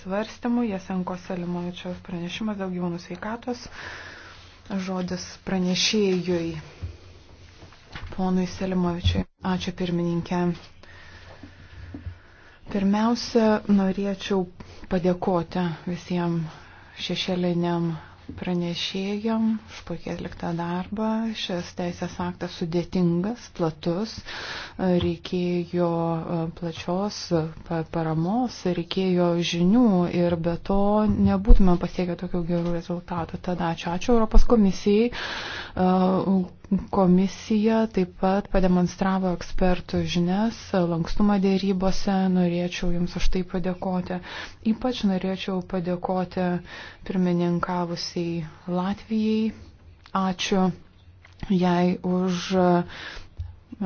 svarstymų. Jasenko Selimovičiaus pranešimas dėl gyvūnų sveikatos. Žodis pranešėjui. Ponui Selimovičiui. Ačiū pirmininkė. Pirmiausia, norėčiau padėkoti visiems šešėliniam pranešėjom už puikiai atliktą darbą. Šis teisės aktas sudėtingas, platus, reikėjo e, plačios paramos, reikėjo žinių ir be to nebūtume pasiekę tokių gerų rezultatų. Tada ačiū, ačiū Europos komisijai, e, Komisija taip pat pademonstravo ekspertų žinias, lankstumą dėrybose, norėčiau Jums už tai padėkoti. Ypač norėčiau padėkoti pirmininkavusiai Latvijai. Ačiū jai už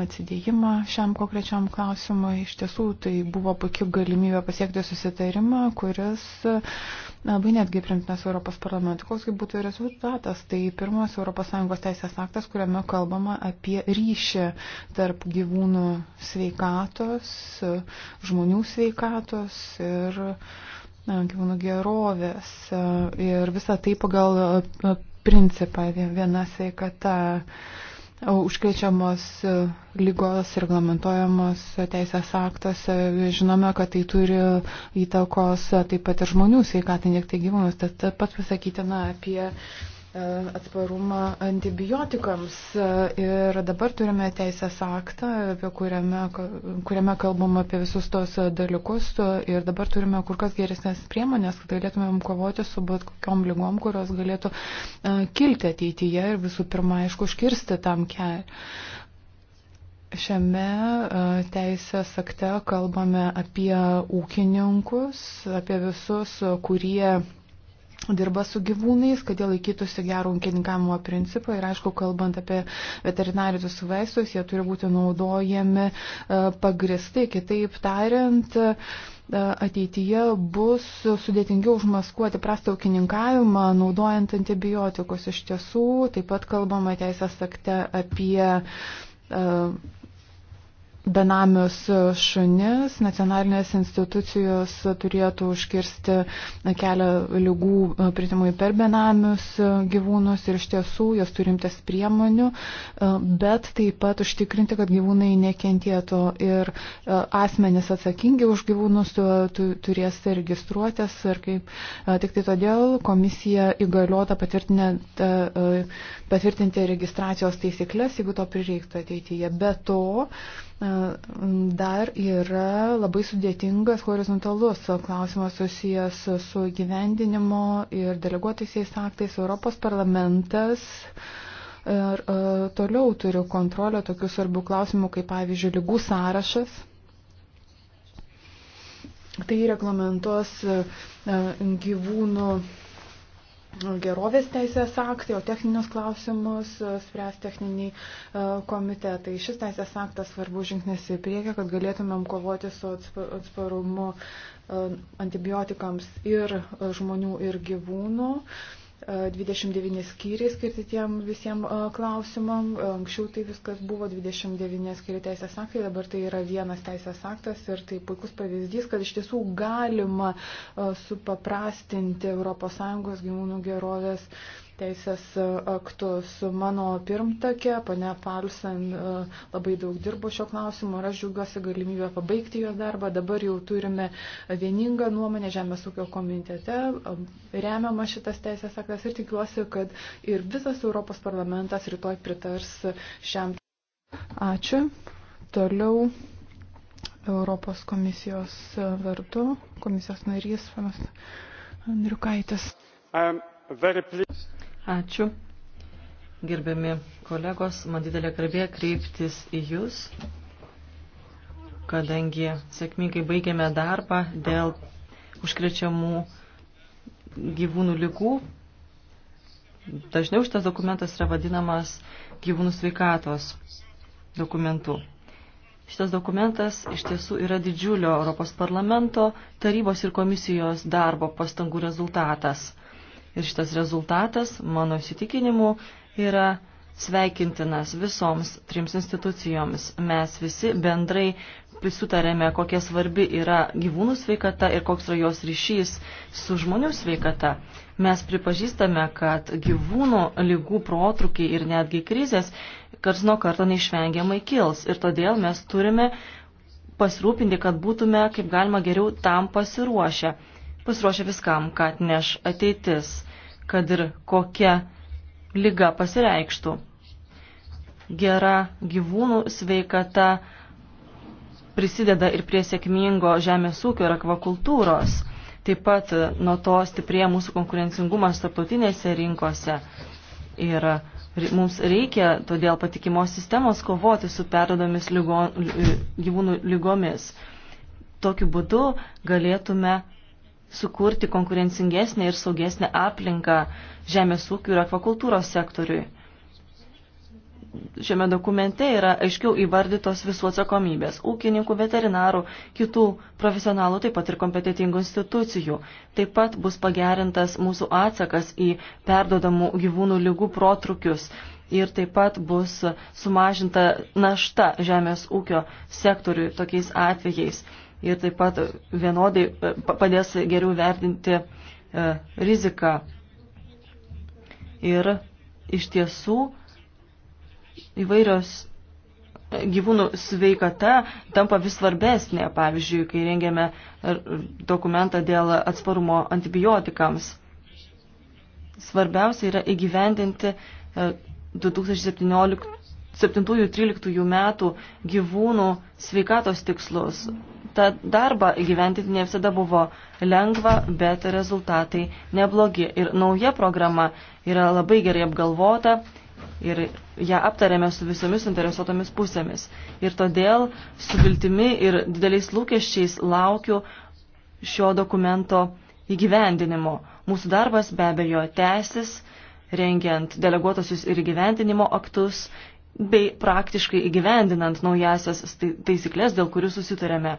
atsidėjimą šiam konkrečiam klausimui. Iš tiesų, tai buvo puikia galimybė pasiekti susitarimą, kuris labai netgi primtinas Europos parlamentui. Koksgi būtų rezultatas? Tai pirmas ES teisės aktas, kuriame kalbama apie ryšį tarp gyvūnų sveikatos, žmonių sveikatos ir gyvūnų gerovės. Ir visa tai pagal e, principą viena sveikata užkrečiamos e, lygos reglamentojamos teisės aktuose. Žinome, kad tai turi įtakos e, taip pat ir žmonių sveikatai, ne tik gyvūnus. Tad e, pat pasakytina apie E, atsparumą antibiotikams. Ir dabar turime teisės aktą, kuriame, kuriame kalbam apie visus tos dalykus. Ir dabar turime kur kas geresnės priemonės, kad galėtumėm kovoti su bet kokiom lygom, kurios galėtų e, kilti ateityje ir visų pirma, aišku, užkirsti tam kelią. Šiame e, teisės akte kalbame apie ūkininkus, apie visus, kurie dirba su gyvūnais, kad jie laikytųsi gerų ūkininkavimo principą ir aišku, kalbant apie veterinarius vaistus, jie turi būti naudojami e, pagristai, kitaip tariant, e, ateityje bus sudėtingiau užmaskuoti prastą ūkininkavimą, naudojant antibiotikus iš tiesų, taip pat kalbama teisės akte apie e, benamius šunis, nacionalinės institucijos turėtų užkirsti kelią lygų pritimui per benamius gyvūnus ir iš tiesų jos turimtas priemonių, bet taip pat užtikrinti, kad gyvūnai nekentėtų ir e, asmenys atsakingi už gyvūnus turės registruotis ir kaip e, tik tai todėl komisija įgaliota e, patvirtinti registracijos taisyklės, jeigu to prireiktų ateityje. Be to, E, dar yra labai sudėtingas horizontalus klausimas susijęs su gyvendinimo ir deleguotaisiais aktais. Europos parlamentas ir e, toliau turi kontrolę tokių svarbių klausimų, kaip pavyzdžiui, lygų sąrašas. Tai reglamentos e, gyvūnų gerovės teisės aktai, o techninius klausimus e, spręs techniniai e, komitetai. Šis teisės aktas svarbu žingsnis į priekį, kad galėtumėm kovoti su atsparumu e, antibiotikams ir žmonių ir gyvūnų. 29 skyriai skirti tiem visiems klausimam. Anksčiau tai viskas buvo 29 skiriai teisės aktai, dabar tai yra vienas teisės aktas ir tai puikus pavyzdys, kad iš tiesų galima supaprastinti ES gyvūnų gerovės uh, teisės aktus. Mano pirmtakė, pane Palsen, labai daug dirbo šio klausimu ir aš džiaugiuosi galimybę pabaigti jos darbą. Dabar jau turime vieningą nuomonę Žemės ūkio komitete, remiama šitas teisės aktas ir tikiuosi, kad ir visas Europos parlamentas rytoj pritars šiam. Ačiū. Toliau Europos komisijos vardu komisijos narys Andriukaitis. Um, Ačiū. Gerbiami kolegos, man didelė garbė kreiptis į Jūs, kadangi sėkmingai baigėme darbą dėl užkrečiamų gyvūnų lygų. Dažniau šitas dokumentas yra vadinamas gyvūnų sveikatos dokumentu. Šitas dokumentas iš tiesų yra didžiulio Europos parlamento, tarybos ir komisijos darbo pastangų rezultatas Ir šitas rezultatas, mano įsitikinimu, yra sveikintinas visoms trims institucijoms. Mes visi bendrai sutarėme, kokia svarbi yra gyvūnų sveikata ir koks yra jos ryšys su žmonių sveikata. Mes pripažįstame, kad gyvūnų lygų protrukiai ir netgi krizės kars nuo karto neišvengiamai kils. Ir todėl mes turime pasirūpinti, kad būtume kaip galima geriau tam pasiruošę. Pasiruošę viskam, kad neš ateitis kad ir kokia lyga pasireikštų. Gera gyvūnų sveikata prisideda ir prie sėkmingo žemės ūkio ir akvakultūros. Taip pat nuo to stiprėja mūsų konkurencingumas tarptautinėse rinkose. Ir mums reikia todėl patikimos sistemos kovoti su perdodomis lygo, gyvūnų lygomis. Tokiu būdu galėtume sukurti konkurencingesnę ir saugesnę aplinką žemės ūkių ir akvakultūros sektoriui. Šiame dokumente yra aiškiau įvardytos visų atsakomybės - ūkininkų, veterinarų, kitų profesionalų, taip pat ir kompetitingų institucijų. Taip pat bus pagerintas mūsų atsakas į perdodamų gyvūnų lygų protrukius ir taip pat bus sumažinta našta žemės ūkio sektoriui tokiais atvejais ir taip pat vienodai e, padės geriau vertinti e, riziką. Ir iš tiesų įvairios e, gyvūnų sveikata tampa vis svarbesnė, pavyzdžiui, kai rengėme dokumentą dėl atsparumo antibiotikams. Svarbiausia yra įgyvendinti 2017-2013 metų gyvūnų sveikatos tikslus, tą darbą gyventi ne visada buvo lengva, bet rezultatai neblogi. Ir nauja programa yra labai gerai apgalvota ir ją aptarėme su visomis interesuotomis pusėmis. Ir todėl su viltimi ir dideliais lūkesčiais laukiu šio dokumento įgyvendinimo. Mūsų darbas be abejo tęsis rengiant deleguotosius ir įgyvendinimo aktus bei praktiškai įgyvendinant naujasias taisyklės, dėl kurių susitarėme.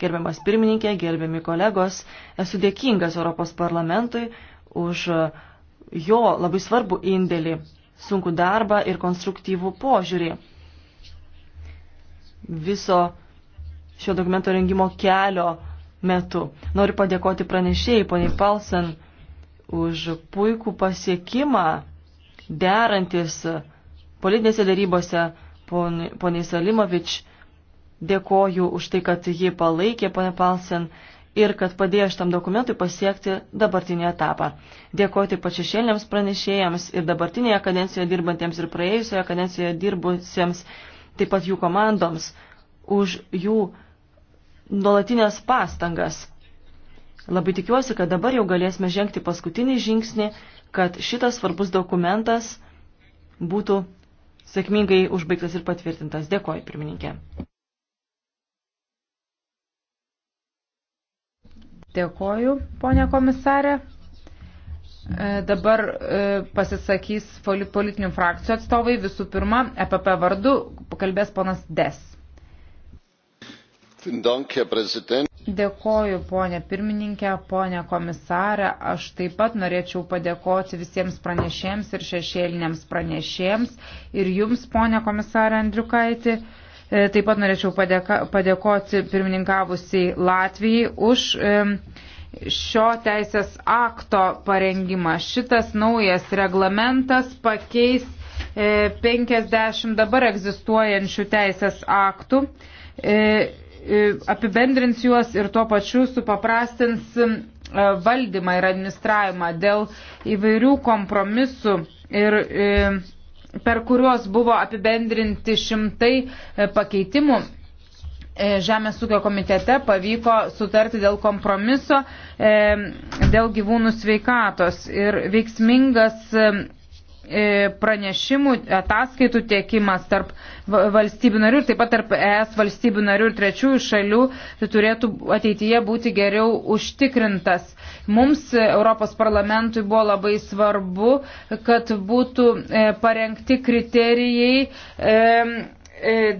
Gerbiamas pirmininkė, gerbiami kolegos, esu dėkingas Europos parlamentui už jo labai svarbų indėlį, sunku darbą ir konstruktyvų požiūrį. Viso šio dokumento rengimo kelio metu. Noriu padėkoti pranešėjai, poniai Palsen, už puikų pasiekimą derantis politinėse darybose. Poniai Salimovič, dėkoju už tai, kad ji palaikė ponę Palsen ir kad padėjo šitam dokumentui pasiekti dabartinį etapą. Dėkoju taip pat šešėliams pranešėjams ir dabartinėje kadencijoje dirbantiems ir praėjusioje kadencijoje dirbusiems, taip pat jų komandoms, už jų nuolatinės pastangas. Labai tikiuosi, kad dabar jau galėsime žengti paskutinį žingsnį, kad šitas svarbus dokumentas būtų sėkmingai užbaigtas ir patvirtintas. Dėkoju, pirmininkė. Dėkoju, ponė komisarė. E, dabar e, pasisakys politinių frakcijų atstovai. Visų pirma, EPP vardu kalbės ponas Des. Dank, Herr Präsident. Dėkoju, ponė pirmininkė, ponė komisarė. Aš taip pat norėčiau padėkoti visiems pranešėjams ir šešėliniams pranešėjams ir jums, ponė komisarė Andriukaitė. E, taip pat norėčiau padėka, padėkoti pirmininkavusiai Latvijai už e, šio teisės akto parengimą. Šitas naujas reglamentas pakeis 50 e, dabar egzistuojančių teisės aktų E, apibendrins juos ir tuo pačiu supaprastins e, valdymą ir administravimą dėl įvairių kompromisų ir e, per kuriuos buvo apibendrinti šimtai pakeitimų. Žemės ūkio komitete pavyko sutarti dėl kompromiso, dėl gyvūnų sveikatos ir veiksmingas E, pranešimų, ataskaitų tiekimas tarp valstybių narių ir taip pat tarp ES valstybių narių ir trečiųjų šalių tai turėtų ateityje būti geriau užtikrintas. Mums e, Europos parlamentui buvo labai svarbu, kad būtų e, parengti kriterijai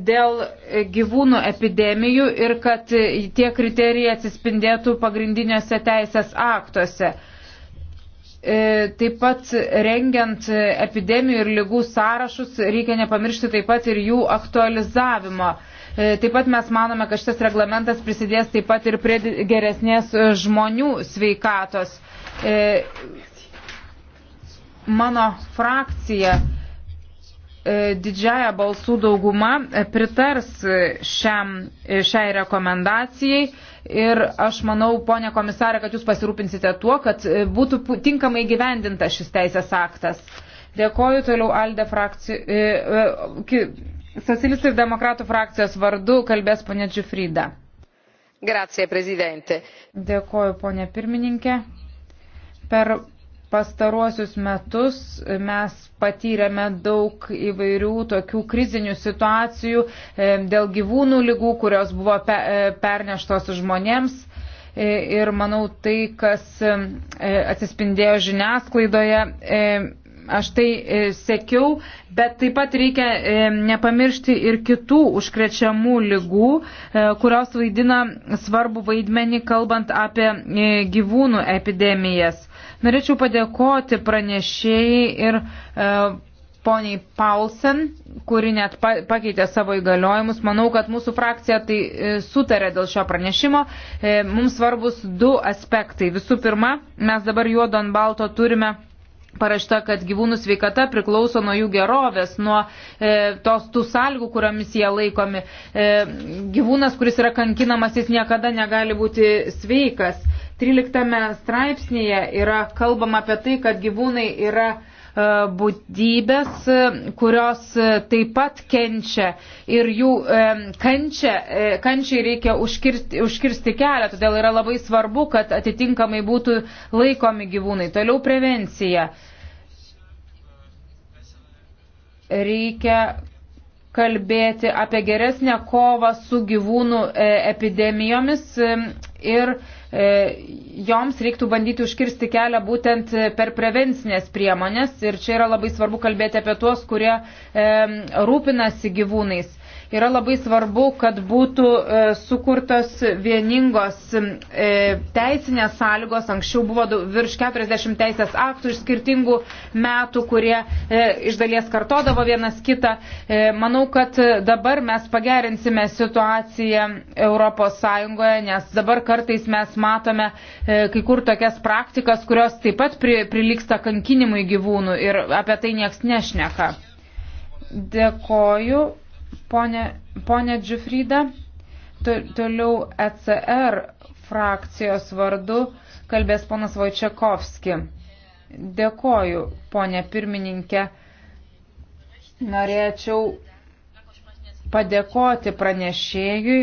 dėl gyvūnų epidemijų ir kad tie kriterijai atsispindėtų pagrindiniuose teisės aktuose. E, taip pat rengiant epidemijų ir lygų sąrašus reikia nepamiršti taip pat ir jų aktualizavimo. E, taip pat mes manome, kad šitas reglamentas prisidės taip pat ir prie geresnės žmonių sveikatos. E, mano frakcija didžiaja balsų dauguma pritars šiam, šiai rekomendacijai ir aš manau, ponė komisarė, kad jūs pasirūpinsite tuo, kad e, būtų tinkamai gyvendinta šis teisės aktas. Dėkoju toliau Alde frakcijų, e, e, socialistų ir demokratų frakcijos vardu kalbės ponė Džiufrida. Grazie, prezidente. Dėkoju, ponė pirmininkė. Per pastaruosius metus mes patyrėme daug įvairių tokių krizinių situacijų e, dėl gyvūnų lygų, kurios buvo e, perneštos žmonėms. E, ir manau, tai, kas atsispindėjo žiniasklaidoje, aš tai sekiau, bet taip pat reikia nepamiršti ir kitų užkrečiamų lygų, kurios vaidina svarbu vaidmenį, kalbant apie gyvūnų epidemijas. Norėčiau padėkoti pranešėjai ir e, poniai Paulsen, kuri net pakeitė savo įgaliojimus. Manau, kad mūsų frakcija tai e, sutarė dėl šio pranešimo. E, mums svarbus du aspektai. Visų pirma, mes dabar juodo ant balto turime. Parašta, kad gyvūnų sveikata priklauso nuo jų gerovės, nuo e, tos tų sąlygų, kuriomis jie laikomi. E, gyvūnas, kuris yra kankinamas, jis niekada negali būti sveikas. 13 straipsnėje yra kalbama apie tai, kad gyvūnai yra e, būdybės, e, kurios e, taip pat kenčia ir jų kančia, kančiai reikia užkirsti, užkirsti kelią, todėl yra labai svarbu, kad atitinkamai būtų laikomi gyvūnai. Toliau prevencija. Reikia, kalbėti apie geresnę kovą su gyvūnų e, epidemijomis e, ir e, joms reiktų bandyti užkirsti kelią būtent per prevencinės priemonės. Ir čia yra labai svarbu kalbėti apie tuos, kurie rūpinasi gyvūnais. Yra labai svarbu, kad būtų e, sukurtos vieningos e, teisinės sąlygos. Anksčiau buvo virš 40 teisės aktų iš skirtingų metų, kurie e, iš dalies kartodavo vienas kitą. Manau, kad dabar mes pagerinsime situaciją Europos Sąjungoje, nes dabar kartais mes matome kai kur tokias praktikas, kurios taip pat priliksta kankinimui gyvūnų ir apie tai nieks nešneka. Dėkoju. Pone, pone Džiufrida, toliau ECR frakcijos vardu kalbės ponas Vojčiakovski. Dėkoju, ponė pirmininkė. Norėčiau padėkoti pranešėjui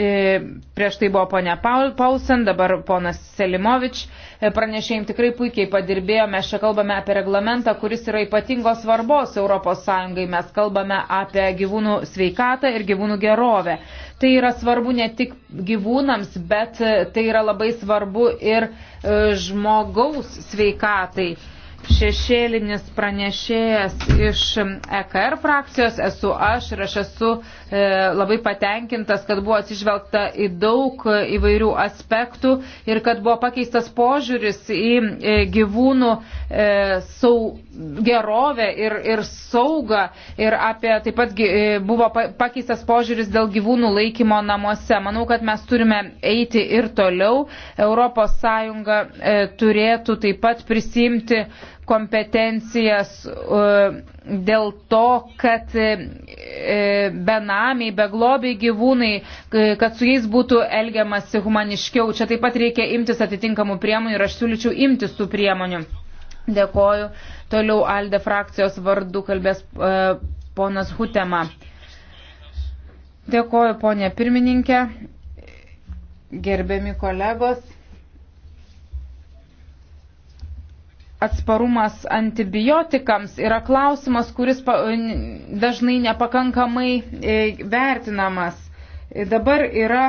E, prieš tai buvo ponia Paulsen, dabar ponas Selimovič, e, pranešėjim tikrai puikiai padirbėjo, mes čia kalbame apie reglamentą, kuris yra ypatingos svarbos ES, mes kalbame apie gyvūnų sveikatą ir gyvūnų gerovę. Tai yra svarbu ne tik gyvūnams, bet e, tai yra labai svarbu ir žmogaus sveikatai šešėlinis pranešėjas iš EKR frakcijos, esu aš ir aš esu e, labai patenkintas, kad buvo atsižvelgta į daug įvairių aspektų ir kad buvo pakeistas požiūris į e, gyvūnų e, sau, gerovę ir, ir saugą ir apie taip pat e, buvo pakeistas požiūris dėl gyvūnų laikymo namuose. Manau, kad mes turime eiti ir toliau. Europos Sąjunga e, turėtų taip pat prisimti e, kompetencijas e, dėl to, kad e, e, benamiai, beglobiai gyvūnai, kad su jais būtų elgiamasi humaniškiau. Čia taip pat reikia imtis atitinkamų priemonių ir aš siūlyčiau imtis tų priemonių. Dėkoju. Toliau Alde frakcijos vardu kalbės ponas Hutema. Dėkoju, ponė pirmininkė. Gerbiami kolegos. atsparumas antibiotikams yra klausimas, kuris dažnai nepakankamai e, vertinamas. E, dabar yra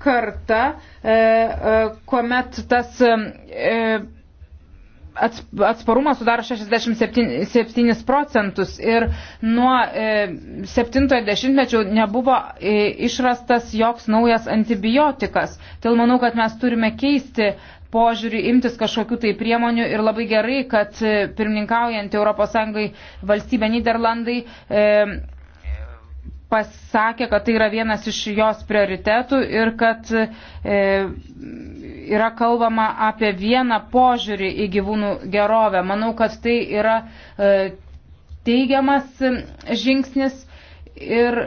karta, e, kuomet tas atsparumas sudaro 67 procentus ir nuo 70-mečio nebuvo išrastas joks naujas antibiotikas. Tai manau, kad mes turime keisti požiūrį imtis kažkokių tai priemonių ir labai gerai, kad e, pirmininkaujant ES valstybė Niderlandai e, pasakė, kad tai yra vienas iš jos prioritetų ir kad e, yra kalbama apie vieną požiūrį į gyvūnų gerovę. Manau, kad tai yra e, teigiamas e, žingsnis ir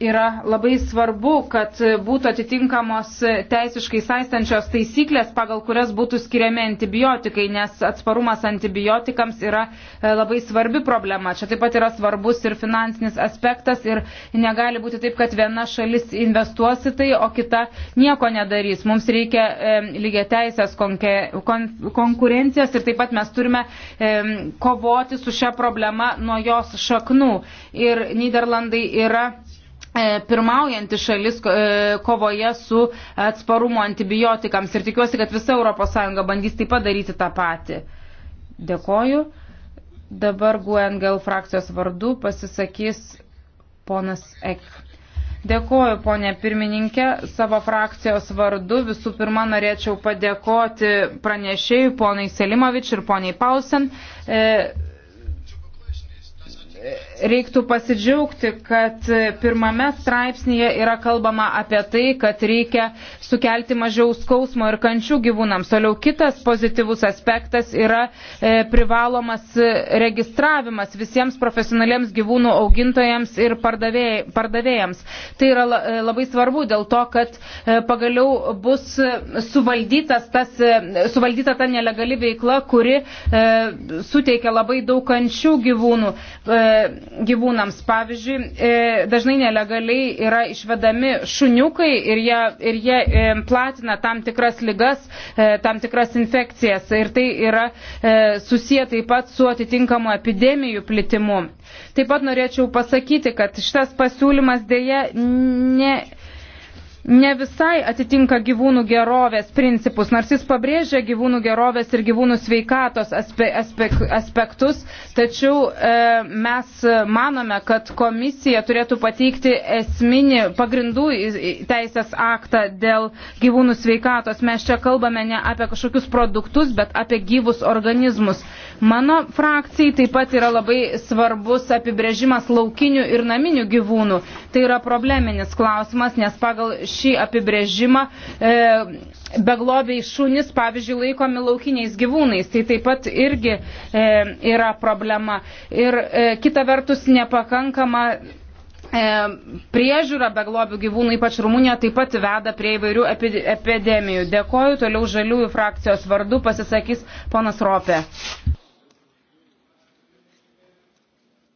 yra labai svarbu, kad būtų atitinkamos teisiškai saistančios taisyklės, pagal kurias būtų skiriami antibiotikai, nes atsparumas antibiotikams yra e, labai svarbi problema. Čia taip pat yra svarbus ir finansinis aspektas ir negali būti taip, kad viena šalis investuos į tai, o kita nieko nedarys. Mums reikia e, lygiai teisės konke, kon, konkurencijos ir taip pat mes turime e, kovoti su šia problema nuo jos šaknų. Ir Niderlandai yra E, pirmaujanti šalis e, kovoje su atsparumo antibiotikams ir tikiuosi, kad visa ES bandys taip pat daryti tą patį. Dėkoju. Dabar GUNGL frakcijos vardu pasisakys ponas Ek. Dėkoju, ponė pirmininkė, savo frakcijos vardu. Visų pirma, norėčiau padėkoti pranešėjui, ponai Selimovič ir poniai Pausen. E, e, reiktų pasidžiaugti, kad pirmame straipsnėje yra kalbama apie tai, kad reikia sukelti mažiau skausmo ir kančių gyvūnams. Toliau kitas pozityvus aspektas yra e, privalomas registravimas visiems profesionaliems gyvūnų augintojams ir pardavėjams. Tai yra e, labai svarbu dėl to, kad e, pagaliau bus suvaldytas tas, e, suvaldyta ta nelegali veikla, kuri e, suteikia labai daug kančių gyvūnų. E, gyvūnams. Pavyzdžiui, e, dažnai nelegaliai yra išvedami šuniukai ir jie, ir jie e, platina tam tikras ligas, e, tam tikras infekcijas. Ir tai yra susiję taip pat su atitinkamu epidemijų plitimu. Taip pat norėčiau pasakyti, kad šitas pasiūlymas dėja ne ne visai atitinka gyvūnų gerovės principus, nors jis pabrėžia gyvūnų gerovės ir gyvūnų sveikatos aspe, aspe, aspektus, tačiau e, mes manome, kad komisija turėtų pateikti esminį pagrindų teisės aktą dėl gyvūnų sveikatos. Mes čia kalbame ne apie kažkokius produktus, bet apie gyvus organizmus. Mano frakcijai taip pat yra labai svarbus apibrėžimas laukinių ir naminių gyvūnų. Tai yra probleminis klausimas, nes pagal šį apibrėžimą e, beglobiai šunys, pavyzdžiui, laikomi laukiniais gyvūnais. Tai taip pat irgi e, yra problema. Ir e, kita vertus nepakankama e, priežiūra beglobių gyvūnų, ypač Rumunija, taip pat veda prie įvairių epidemijų. Dėkoju, toliau žaliųjų frakcijos vardu pasisakys ponas Ropė.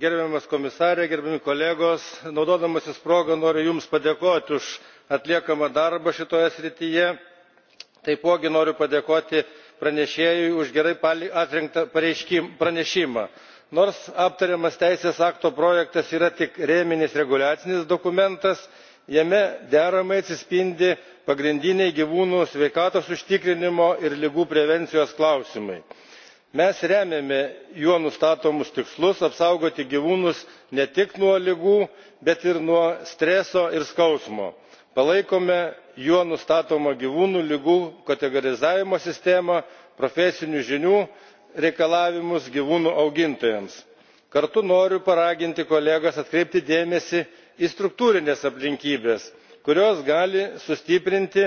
Gerbiamas komisarė, gerbiami kolegos, naudodamasis progą noriu Jums padėkoti už atliekamą darbą šitoje srityje. taipogi noriu padėkoti pranešėjui už gerai atrinktą pranešimą. nors aptariamas teisės akto projektas yra tik rėminis reguliacinis dokumentas jame deramai atsispindi pagrindiniai gyvūnų sveikatos užtikrinimo ir ligų prevencijos klausimai. mes remiame juo nustatomus tikslus apsaugoti gyvūnus ne tik nuo ligų bet ir nuo streso ir skausmo palaikome juo nustatomą gyvūnų ligų kategorizavimo sistemą profesinių žinių reikalavimus gyvūnų augintojams. kartu noriu paraginti kolegas atkreipti dėmesį į struktūrines aplinkybes kurios gali sustiprinti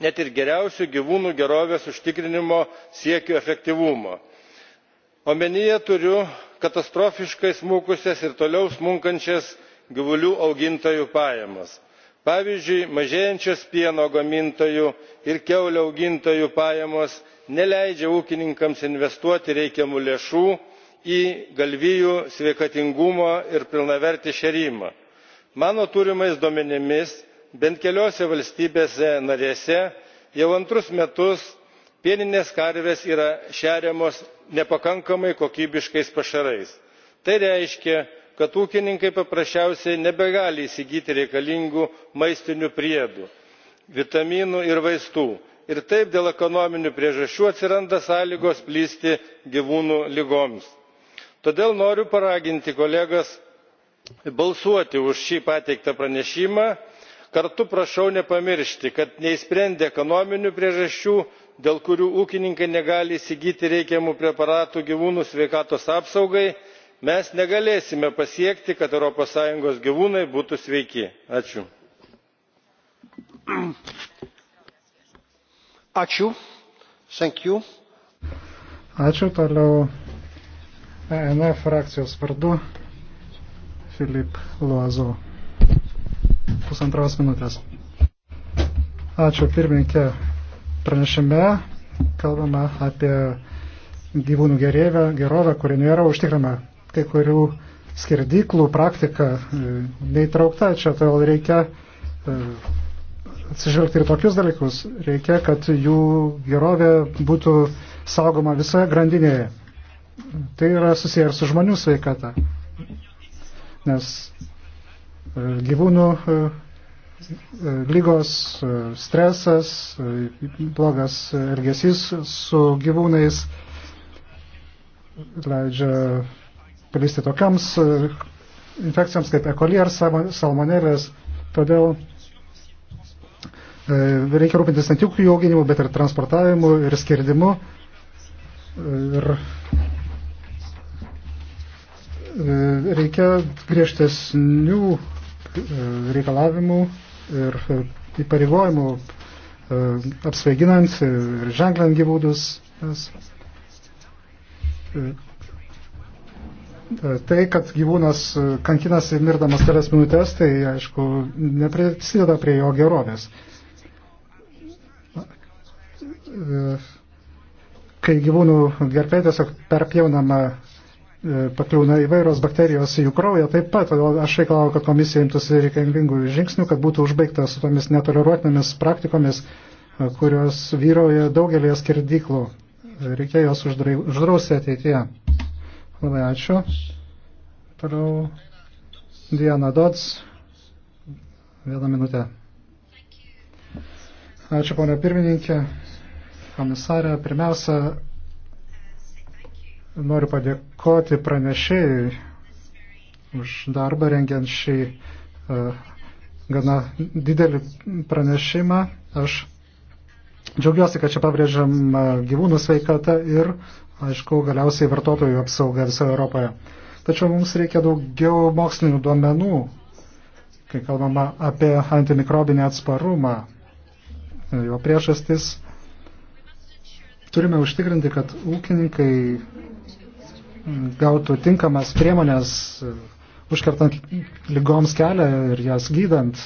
net ir geriausių gyvūnų gerovės užtikrinimo siekių efektyvumą. omenyje turiu katastrofiškai smukusias ir toliau smunkančias gyvulių augintojų pajamas pavyzdžiui mažėjančios pieno gamintojų ir kiaulių augintojų pajamos neleidžia ūkininkams investuoti reikiamų lėšų į galvijų sveikatingumo ir pilnavertį šėrimą. mano turimais duomenimis bent keliose valstybėse narėse jau antrus metus pieninės karvės yra šeriamos nepakankamai kokybiškais pašarais. tai reiškia kad ūkininkai paprasčiausiai nebegali įsigyti reikalingų maistinių priedų vitaminų ir vaistų ir taip dėl ekonominių priežasčių atsiranda sąlygos plisti gyvūnų ligoms. todėl noriu paraginti kolegas balsuoti už šį pateiktą pranešimą. kartu prašau nepamiršti kad neišsprendę ekonominių priežasčių dėl kurių ūkininkai negali įsigyti reikiamų preparatų gyvūnų sveikatos apsaugai mes negalėsime pasiekti kad europos sąjungos gyvūnai būtų sveiki. ačiū toliau enf frakcijos vardu filip loazo pusantros minutės ačiū pirmininkė pranešime kalbama apie gyvūnų gerovę, gerovę kuri nėra užtikrama kai kurių skirdyklų praktika e, neįtraukta čia, todėl reikia e, atsižvelgti ir tokius dalykus. Reikia, kad jų gerovė būtų saugoma visoje grandinėje. Tai yra susiję ir su žmonių sveikata. Nes e, gyvūnų lygos, stresas, blogas elgesys su gyvūnais leidžia plisti tokiams e, infekcijams kaip ekolija ar salmonelės. Todėl e, reikia rūpintis ne tik jų auginimu, bet ir transportavimu ir skirdimu. Ir e, reikia griežtesnių reikalavimų ir įpareigojimų apsvaiginant ir ženklinant gyvūdus. Nes tai, kad gyvūnas kankinasi mirdamas kelias minutės, tai aišku, neprisideda prie jo gerovės. Kai gyvūnų gerpė tiesiog perpjaunama, e, pakliūna įvairios bakterijos į jų kraują, taip pat, todėl aš reikalauju, kad komisija imtųsi reikalingų žingsnių, kad būtų užbaigta su tomis netoleruotinomis praktikomis, e, kurios vyrauja daugelėje skirdyklų. Reikėjo jas uždrausti ateityje. Labai ačiū. Toliau Diana Dots. Vieną minutę. Ačiū, ponia pirmininkė, komisarė. Pirmiausia, noriu padėkoti pranešėjui už darbą rengiant šį uh, gana didelį pranešimą. Aš Džiaugiuosi, kad čia pabrėžiam gyvūnų sveikatą ir, aišku, galiausiai vartotojų apsauga visoje Europoje. Tačiau mums reikia daugiau mokslinių duomenų, kai kalbama apie antimikrobinį atsparumą, jo priežastis. Turime užtikrinti, kad ūkininkai gautų tinkamas priemonės užkertant lygoms kelią ir jas gydant,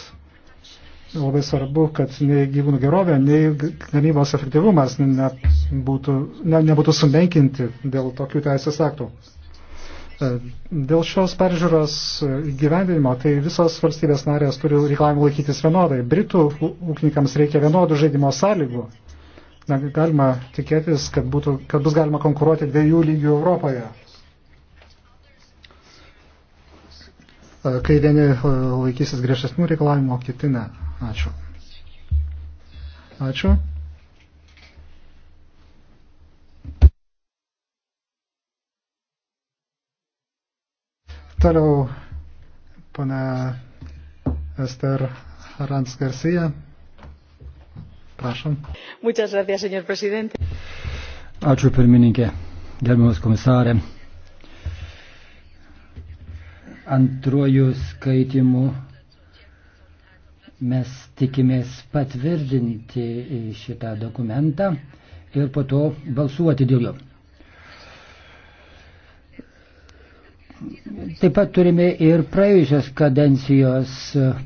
labai svarbu, kad nei gyvūnų gerovė, nei gamybos efektyvumas nebūtų, ne, nebūtų sumenkinti dėl tokių teisės aktų. E, dėl šios peržiūros gyvendinimo, tai visos valstybės narės turi reikalavimų laikytis vienodai. Britų ūkininkams reikia vienodų žaidimo sąlygų. Na, galima tikėtis, kad, būtų, kad bus galima konkuruoti dviejų lygių Europoje. E, kai vieni e, laikysis griežtesnių reikalavimų, o kiti ne. Ačiū. Ačiū. Toliau pana Ester Rans Garcia. Prašom. Muchas gracias, señor presidente. Ačiū pirmininkė, gerbiamas komisarė. Antruoju skaitimu mes tikimės patvirtinti šitą dokumentą ir po to balsuoti dėl jo. Taip pat turime ir praėjusios kadencijos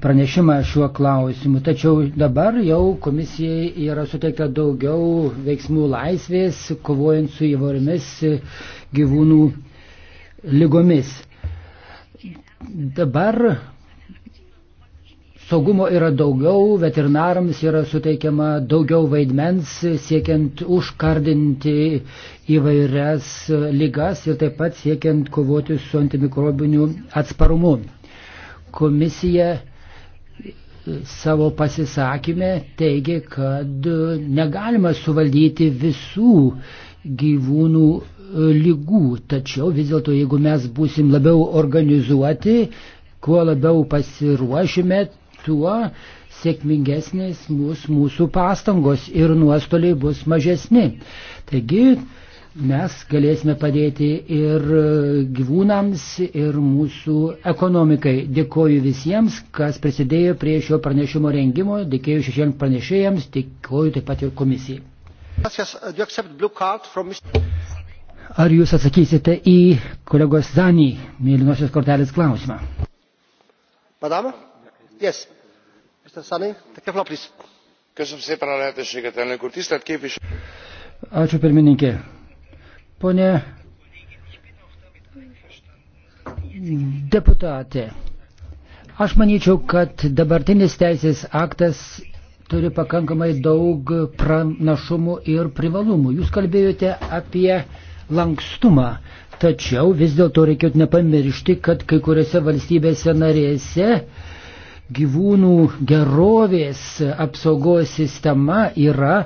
pranešimą šiuo klausimu, tačiau dabar jau komisijai yra suteikta daugiau veiksmų laisvės, kovojant su įvairiomis gyvūnų lygomis. Dabar saugumo yra daugiau, veterinarams yra suteikiama daugiau vaidmens, siekiant užkardinti įvairias lygas ir taip pat siekiant kovoti su antimikrobiniu atsparumu. Komisija savo pasisakymę teigia, kad negalima suvaldyti visų gyvūnų e, lygų. Tačiau vis dėlto, jeigu mes būsim labiau organizuoti, kuo labiau pasiruošime, tuo sėkmingesnės mūs, mūsų pastangos ir nuostoliai bus mažesni. Taigi mes galėsime padėti ir gyvūnams, ir mūsų ekonomikai. Dėkoju visiems, kas prisidėjo prie šio pranešimo rengimo, dėkoju šešiems pranešėjams, dėkoju taip pat ir komisijai. Uh, Ar jūs atsakysite į kolegos Zanį mėlynosios kortelės klausimą? Madama? Yes. Mr. Sunny, take a floor, please. Köszönöm szépen a lehetőséget, elnök úr. Tisztelt képviselő! Ačiū pirmininkė. Pone deputatė, aš manyčiau, kad dabartinis teisės aktas turi pakankamai daug pranašumų ir privalumų. Jūs kalbėjote apie lankstumą, tačiau vis dėlto reikėtų nepamiršti, kad kai kuriuose valstybėse narėse gyvūnų gerovės apsaugos sistema yra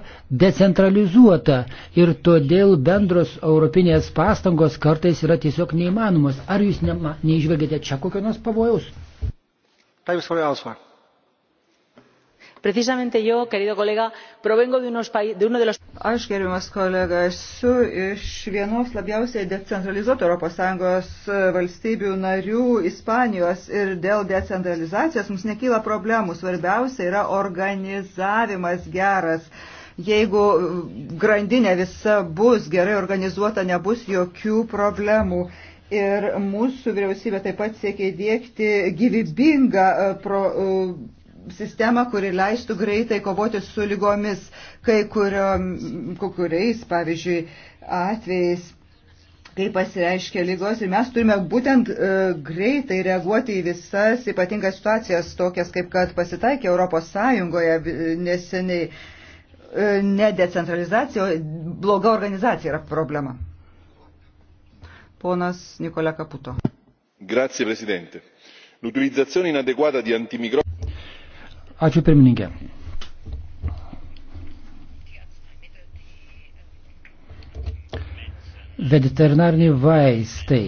decentralizuota ir todėl bendros europinės pastangos kartais yra tiesiog neįmanomos. Ar jūs ne, neižvelgėte čia kokio nors pavojaus? Tai jūs svarbiausia precisamente yo querido colega provengo de uno de los. aš gerbiamas kolega esu iš vienos labiausiai decentralizuotų europos sąjungos e, valstybių narių ispanijos ir dėl decentralizacijos mums nekyla problemų svarbiausia yra organizavimas geras jeigu e, grandinė visa bus gerai organizuota nebus jokių problemų ir mūsų vyriausybė taip pat siekia įdėkti gyvybingą e, pro, sistemą, kuri leistų greitai kovoti su lygomis, kai kuriais, pavyzdžiui, atvejais, kai pasireiškia lygos. Ir mes turime būtent e, greitai reaguoti į visas ypatingas situacijas, tokias kaip kad pasitaikė Europos Sąjungoje neseniai. E, ne decentralizacija, o bloga organizacija yra problema. Ponas Nikola Kaputo. Grazie Presidente. L'utilizzazione inadeguata di antimicrobi Ačiū pirmininkė. Veterinariniai vaistai.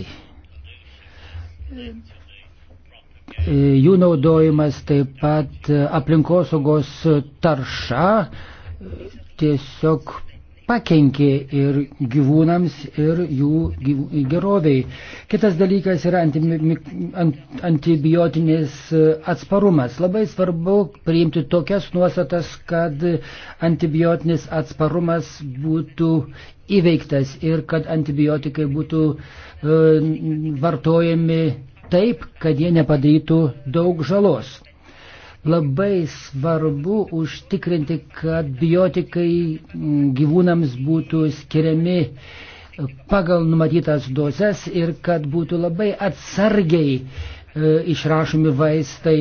Jų naudojimas taip pat aplinkosaugos tarša tiesiog pakenkė ir gyvūnams, ir jų geroviai. Kitas dalykas yra antibiotinis e, atsparumas. Labai svarbu priimti tokias nuostatas, kad antibiotinis atsparumas būtų įveiktas ir kad antibiotikai būtų e, vartojami taip, kad jie nepadarytų daug žalos. Labai svarbu užtikrinti, kad biotikai mm, gyvūnams būtų skiriami pagal numatytas dozes ir kad būtų labai atsargiai e, išrašomi vaistai,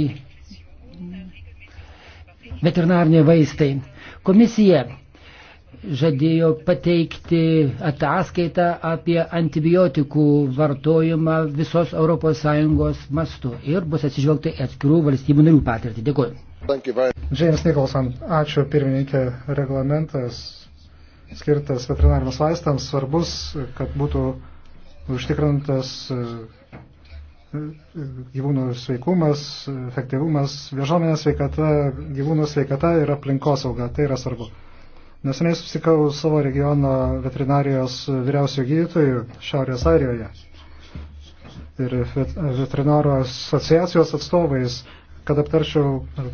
mm, veterinariniai vaistai. Komisija žadėjo pateikti ataskaitą apie antibiotikų vartojimą visos ES mastu ir bus atsižvelgta atskirų valstybių narių patirtį. Dėkuoju. James Nicholson, ačiū pirmininkė. Reglamentas skirtas veterinariams vaistams svarbus, kad būtų užtikrintas e, gyvūnų sveikumas, efektyvumas, viešomenės sveikata, gyvūnų sveikata ir aplinkosauga. Tai yra svarbu. Neseniai susikau savo regiono veterinarijos vyriausių gydytojų Šiaurės Airijoje ir veterinaro asociacijos atstovais, kad aptarčiau e,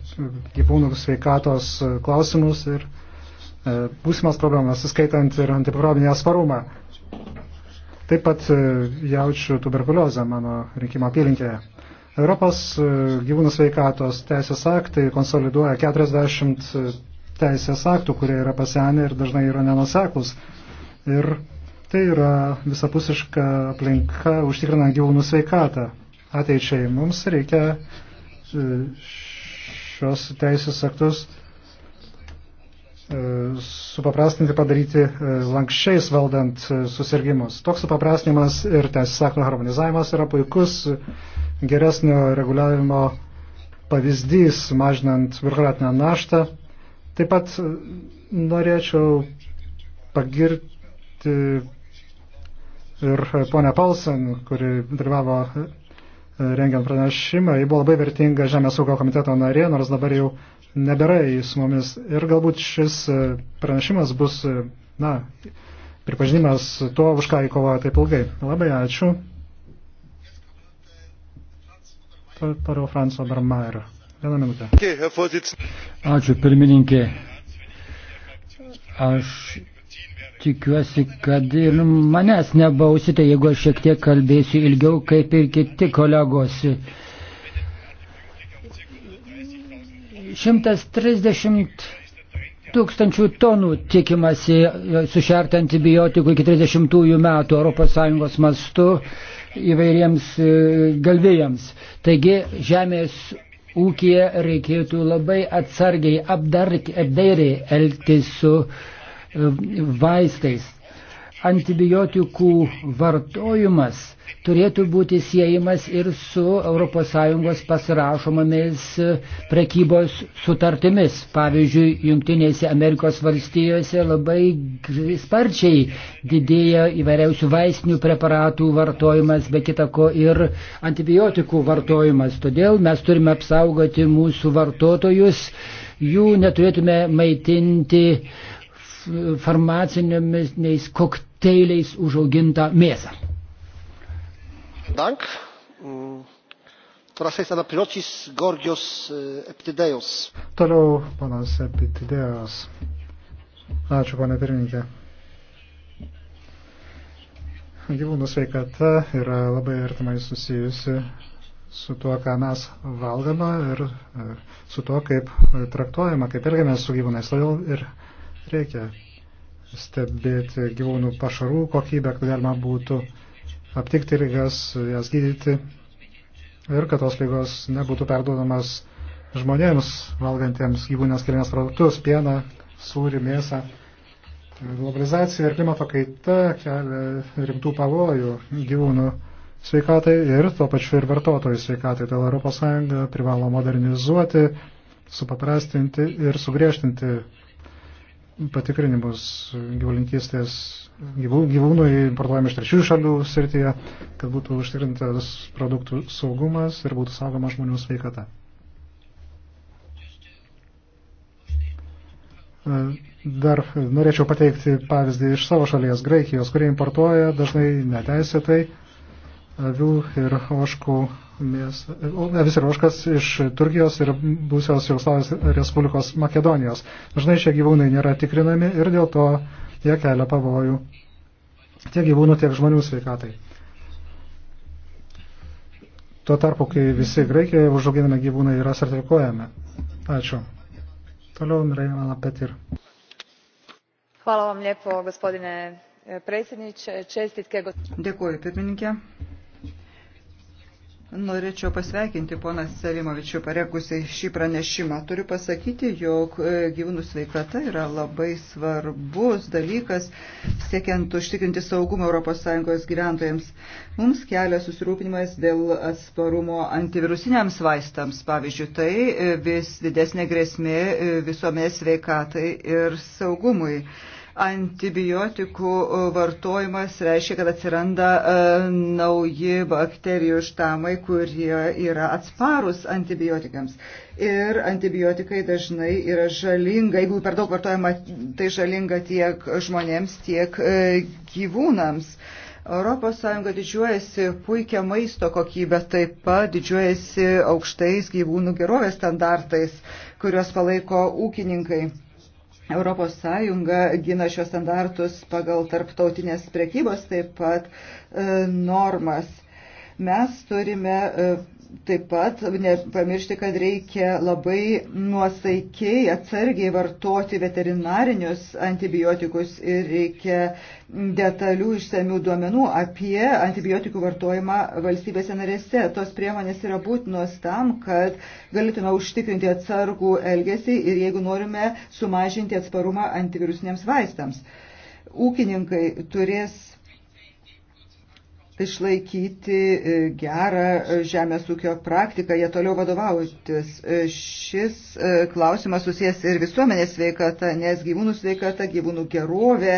gyvūnų sveikatos klausimus ir e, būsimas problemas, įskaitant ir antibiotinį atsparumą. Taip pat e, jaučiu tuberkuliozę mano rinkimo apylinkėje. Europos gyvūnų sveikatos teisės aktai konsoliduoja 40 teisės aktų, kurie yra pasenę ir dažnai yra nenuseklus. Ir tai yra visapusiška aplinka užtikrina gyvūnų sveikatą. Ateičiai mums reikia e, šios teisės aktus e, supaprastinti padaryti e, lankščiais valdant susirgymus. Toks supaprastinimas ir teisės aktų harmonizavimas yra puikus geresnio reguliavimo pavyzdys, mažinant biurokratinę naštą Taip pat norėčiau pagirti ir ponę Paulsen, kuri dalyvavo e, rengiant pranešimą. Ji buvo labai vertinga Žemės ūkio komiteto narė, nors dabar jau nebėra jį su mumis. Ir galbūt šis e, pranešimas bus, e, na, pripažinimas to, už ką jį kovojo taip ilgai. Labai ačiū. Toliau Franco Barmaira. Vieną minutę. Ačiū pirmininkė. Aš tikiuosi, kad ir manęs nebausite, jeigu aš šiek tiek kalbėsiu ilgiau, kaip ir kiti kolegos. 130 tūkstančių tonų tikimasi sušerti antibiotikų iki 30 metų ES mastu įvairiems e, galvėjams. Taigi žemės ūkija reikėtų labai atsargiai, apdairiai elgtis su e, vaistais antibiotikų vartojimas turėtų būti siejamas ir su ES pasirašomomis prekybos sutartimis. Pavyzdžiui, Junktinėse Amerikos valstijose labai sparčiai didėja įvairiausių vaistinių preparatų vartojimas, be kitako ir antibiotikų vartojimas. Todėl mes turime apsaugoti mūsų vartotojus, jų neturėtume maitinti farmacinėmis kokteiliais teiliais užaugintą mėsą. Dank. Mm. Teraz jest Anapirotis Gorgios e, Eptidėjos. Toliau panas Eptidėjos. Ačiū, pane pirmininkė. Gyvūnų sveikata yra labai artimai susijusi su tuo, ką mes valgome ir e, su tuo, kaip traktuojama, kaip elgiamės su gyvūnais. Todėl ir reikia stebėti gyvūnų pašarų kokybę, kad galima būtų aptikti lygas, jas gydyti ir kad tos lygos nebūtų perduodamas žmonėms valgantiems gyvūnės kilmės produktus, pieną, sūrį, mėsą. Globalizacija ir klimato kaita kelia rimtų pavojų gyvūnų sveikatai ir tuo pačiu ir vartotojų sveikatai. Dėl ES privalo modernizuoti, supaprastinti ir sugriežtinti patikrinimus gyvulinkystės gyvų, gyvūnų importuojami iš trečiųjų šalių srityje, kad būtų užtikrintas produktų saugumas ir būtų saugoma žmonių sveikata. Dar norėčiau pateikti pavyzdį iš savo šalies Graikijos, kurie importuoja dažnai neteisėtai avių ir oškų visiroškas iš Turkijos ir būsios Jugoslavijos Respublikos Makedonijos. Dažnai šie gyvūnai nėra tikrinami ir dėl to jie kelia pavojų tiek gyvūnų, tiek žmonių sveikatai. Tuo tarpu, kai visi Graikijoje užauginami gyvūnai yra sertifikuojami. Ačiū. Toliau Mirjana Petir. Hvala vam lijepo, gospodine eh, predsjedniče. Čestitke. Dėkuoju, pirmininkė. Norėčiau pasveikinti poną Selimovičių paregusiai šį pranešimą. Turiu pasakyti, jog e, gyvūnų sveikata yra labai svarbus dalykas, siekiant užtikrinti saugumą ES gyventojams. Mums kelia susirūpinimas dėl atsparumo antivirusiniams vaistams. Pavyzdžiui, tai e, vis didesnė grėsmė e, visuomenės sveikatai ir saugumui. Antibiotikų e, vartojimas reiškia, kad atsiranda e, nauji bakterijų štamai, kurie yra atsparus antibiotikams. Ir antibiotikai dažnai yra žalinga, jeigu per daug vartojama, tai žalinga tiek žmonėms, tiek e, gyvūnams. ES didžiuojasi puikia maisto kokybė, taip pat didžiuojasi aukštais gyvūnų gerovės standartais, kuriuos palaiko ūkininkai. Europos Sąjunga gina šios standartus pagal tarptautinės prekybos taip pat e, normas. Mes turime e, Taip pat nepamiršti, kad reikia labai nuosaikiai, atsargiai vartoti veterinarinius antibiotikus ir reikia detalių išsamių duomenų apie antibiotikų vartojimą valstybėse narėse. Tos priemonės yra būtinos tam, kad galėtume užtikrinti atsargų elgesį ir jeigu norime sumažinti atsparumą antivirusiniams vaistams. Ūkininkai turės Tai išlaikyti e, gerą e, žemės ūkio praktiką, jie toliau vadovautis. E, šis klausimas susijęs ir visuomenės sveikata, nes gyvūnų sveikata, gyvūnų gerovė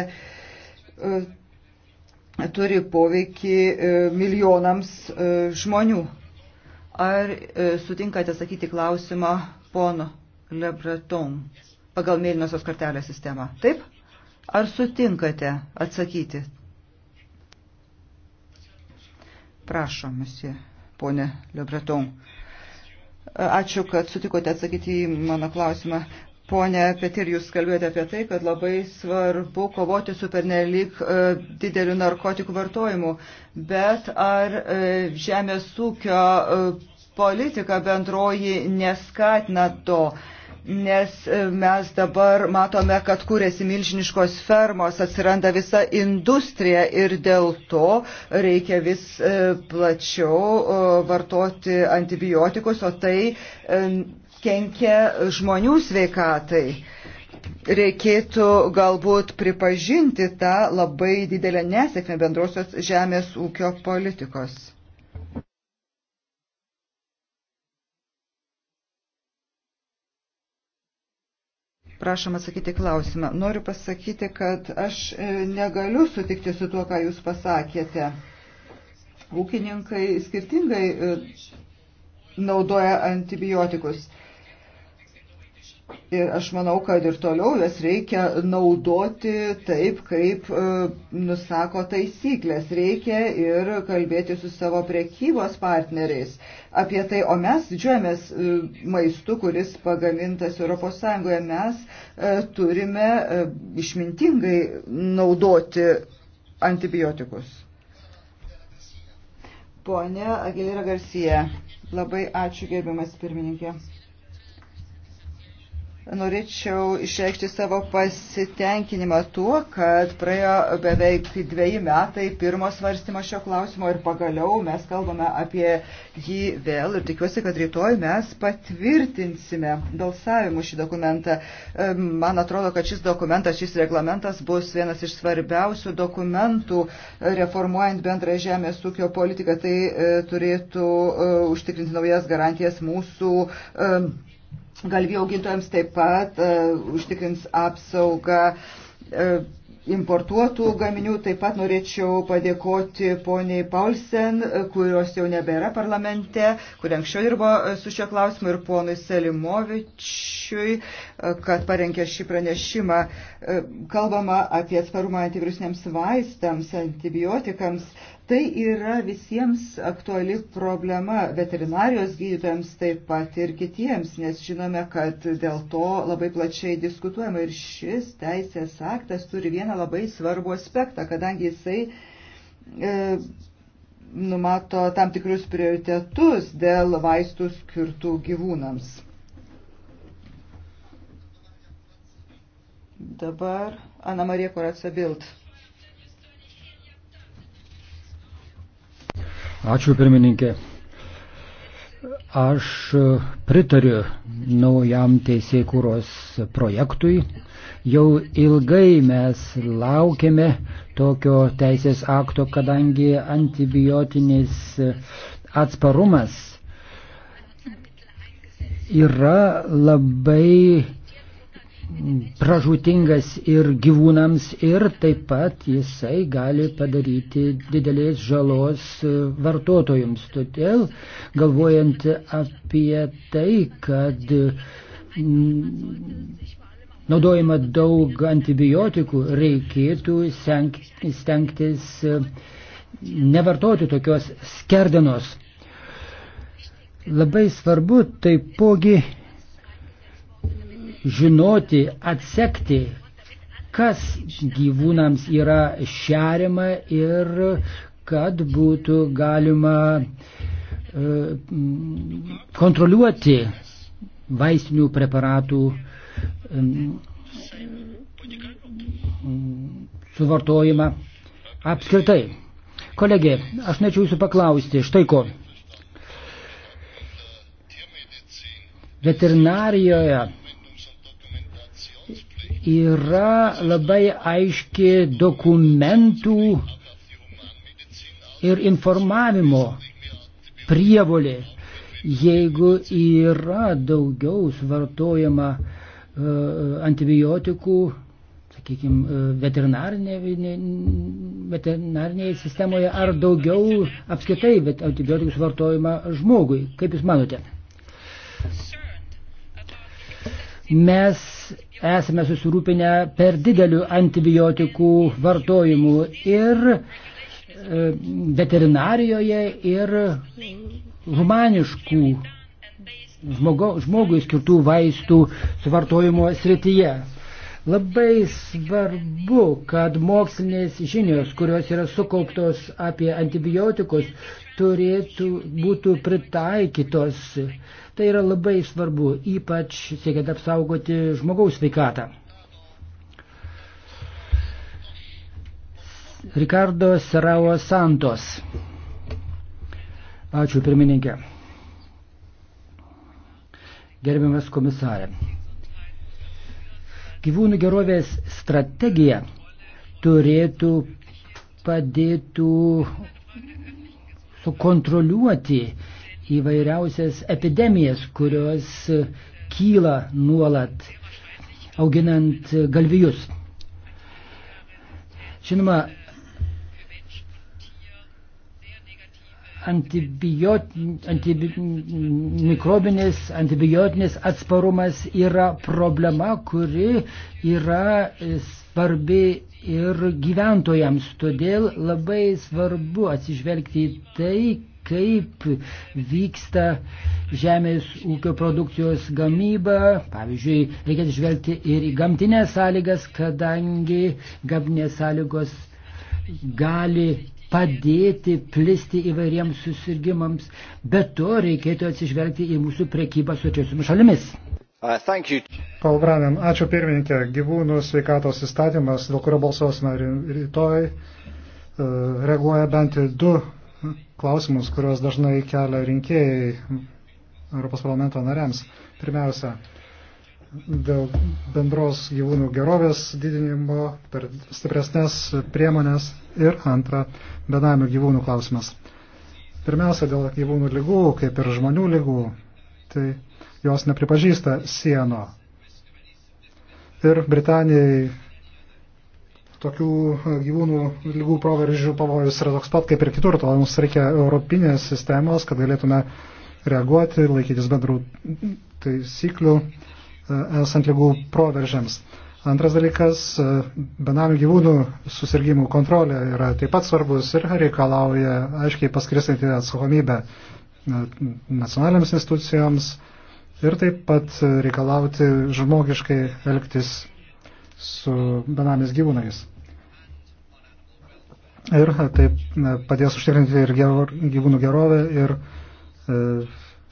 turi poveikį milijonams žmonių. Ar sutinkate sakyti klausimą pono Lebreton pagal mėlynosios kortelės sistemą? Taip? Ar sutinkate atsakyti? Prašom, misi, ponė Liobreton. Ačiū, kad sutikote atsakyti į mano klausimą. Pone Petir, jūs kalbėjote apie tai, kad labai svarbu kovoti su pernelyg e, dideliu narkotikų vartojimu, bet ar e, žemės ūkio e, politika bendroji neskatina to? nes e, mes dabar matome, kad kūrėsi milžiniškos fermos, atsiranda visa industrija ir dėl to reikia vis e, plačiau vartoti antibiotikus, o tai e, kenkia žmonių sveikatai. Reikėtų galbūt pripažinti tą labai didelę nesėkmę bendrosios žemės ūkio politikos. Prašom atsakyti klausimą. Noriu pasakyti, kad aš e, negaliu sutikti su tuo, ką jūs pasakėte. Ūkininkai skirtingai e, naudoja antibiotikus. Ir aš manau, kad ir toliau jas reikia naudoti taip, kaip e, nusako taisyklės. Reikia ir kalbėti su savo priekybos partneriais apie tai. O mes didžiuojamės e, maistu, kuris pagamintas ES. Mes e, turime e, išmintingai naudoti antibiotikus. Pone Agilira Garcija, labai ačiū gerbiamas pirmininkė. Norėčiau išreikšti savo pasitenkinimą tuo, kad praėjo beveik dviejai metai pirmo svarstymo šio klausimo ir pagaliau mes kalbame apie jį vėl ir tikiuosi, kad rytoj mes patvirtinsime balsavimu šį dokumentą. E, man atrodo, kad šis dokumentas, šis reglamentas bus vienas iš svarbiausių dokumentų e, reformuojant bendrą žemės ūkio politiką. Tai e, turėtų užtikrinti naujas garantijas mūsų galvijų augintojams taip pat uh, užtikrins apsaugą uh, importuotų gaminių. Taip pat norėčiau padėkoti poniai Paulsen, kurios jau nebėra parlamente, kuri anksčiau dirbo e, su šio klausimu, ir ponui Selimovičiui, kad parengė šį pranešimą. Kalbama apie atsparumą antivirusiniams vaistams, antibiotikams. Tai yra visiems aktuali problema veterinarijos gydytojams taip pat ir kitiems, nes žinome, kad dėl to labai plačiai diskutuojama ir šis teisės aktas turi vieną labai svarbų aspektą, kadangi jisai e, numato tam tikrus prioritetus dėl vaistų skirtų gyvūnams. Dabar Ana Marija Koracabild. Ačiū pirmininkė. Aš e, pritariu naujam teisėkūros projektui. Jau ilgai mes laukiame tokio teisės akto, kadangi antibiotinis atsparumas yra labai pražūtingas ir gyvūnams ir taip pat jisai gali padaryti didelės žalos e, vartotojams. Todėl galvojant apie tai, kad mm, naudojama daug antibiotikų, reikėtų stengtis e, nevartoti tokios skerdenos. Labai svarbu taipogi žinoti, atsekti, kas gyvūnams yra šeriama ir kad būtų galima e, kontroliuoti vaistinių preparatų suvartojimą apskritai. Kolegė, aš norėčiau jūsų paklausti, štai ko. Veterinarijoje yra labai aiški dokumentų ir informavimo prievolė. Jeigu yra daugiau svartojama e, antibiotikų, sakykime, veterinarinėje veterinarinė sistemoje ar daugiau apskaitai antibiotikų svartojama žmogui, kaip Jūs manote? Mes esame susirūpinę per dideliu antibiotikų vartojimu ir e, veterinarijoje, ir humaniškų žmogo, žmogui skirtų vaistų suvartojimo srityje. Labai svarbu, kad mokslinės žinios, kurios yra sukauptos apie antibiotikus, turėtų būtų pritaikytos Tai yra labai svarbu, ypač siekiant apsaugoti žmogaus sveikatą. Ricardo Serao Santos. Ačiū pirmininkė. Gerbiamas komisarė. Gyvūnų gerovės strategija turėtų padėtų sukontroliuoti uh, įvairiausias epidemijas, kurios kyla nuolat auginant galvijus. Žinoma, antimikrobinis, antibi, antibiotinis atsparumas yra problema, kuri yra svarbi ir gyventojams. Todėl labai svarbu atsižvelgti į tai, kaip vyksta žemės ūkio produkcijos gamyba. Pavyzdžiui, reikia žvelgti ir į gamtinės sąlygas, kadangi gamtinės sąlygos gali padėti plisti įvairiems susirgymams. Bet to reikėtų atsižvelgti į mūsų prekybą su trečiosiomis šalimis. Uh, Paul Branen, ačiū pirmininkė. Gyvūnų sveikatos įstatymas, dėl kurio balsuosime rytoj, uh, reaguoja bent du klausimus, kuriuos dažnai kelia rinkėjai Europos parlamento nariams. Pirmiausia, dėl bendros gyvūnų gerovės didinimo per stipresnės priemonės ir antra, benamių gyvūnų klausimas. Pirmiausia, dėl gyvūnų lygų, kaip ir žmonių lygų, tai jos nepripažįsta sieno. Ir Britanijai tokių e, gyvūnų lygų proveržių pavojus yra toks pat kaip ir kitur, todėl mums reikia europinės sistemos, kad galėtume reaguoti, laikytis bendrų taisyklių e, esant lygų proveržiams. Antras dalykas, e, benamių gyvūnų susirgymų kontrolė yra taip pat svarbus ir reikalauja aiškiai paskirstyti atsakomybę nacionaliniams institucijoms ir taip pat reikalauti žmogiškai elgtis su benamis gyvūnais. Ir e, taip e, padės užtikrinti ir gyvūnų gerovę, ir e,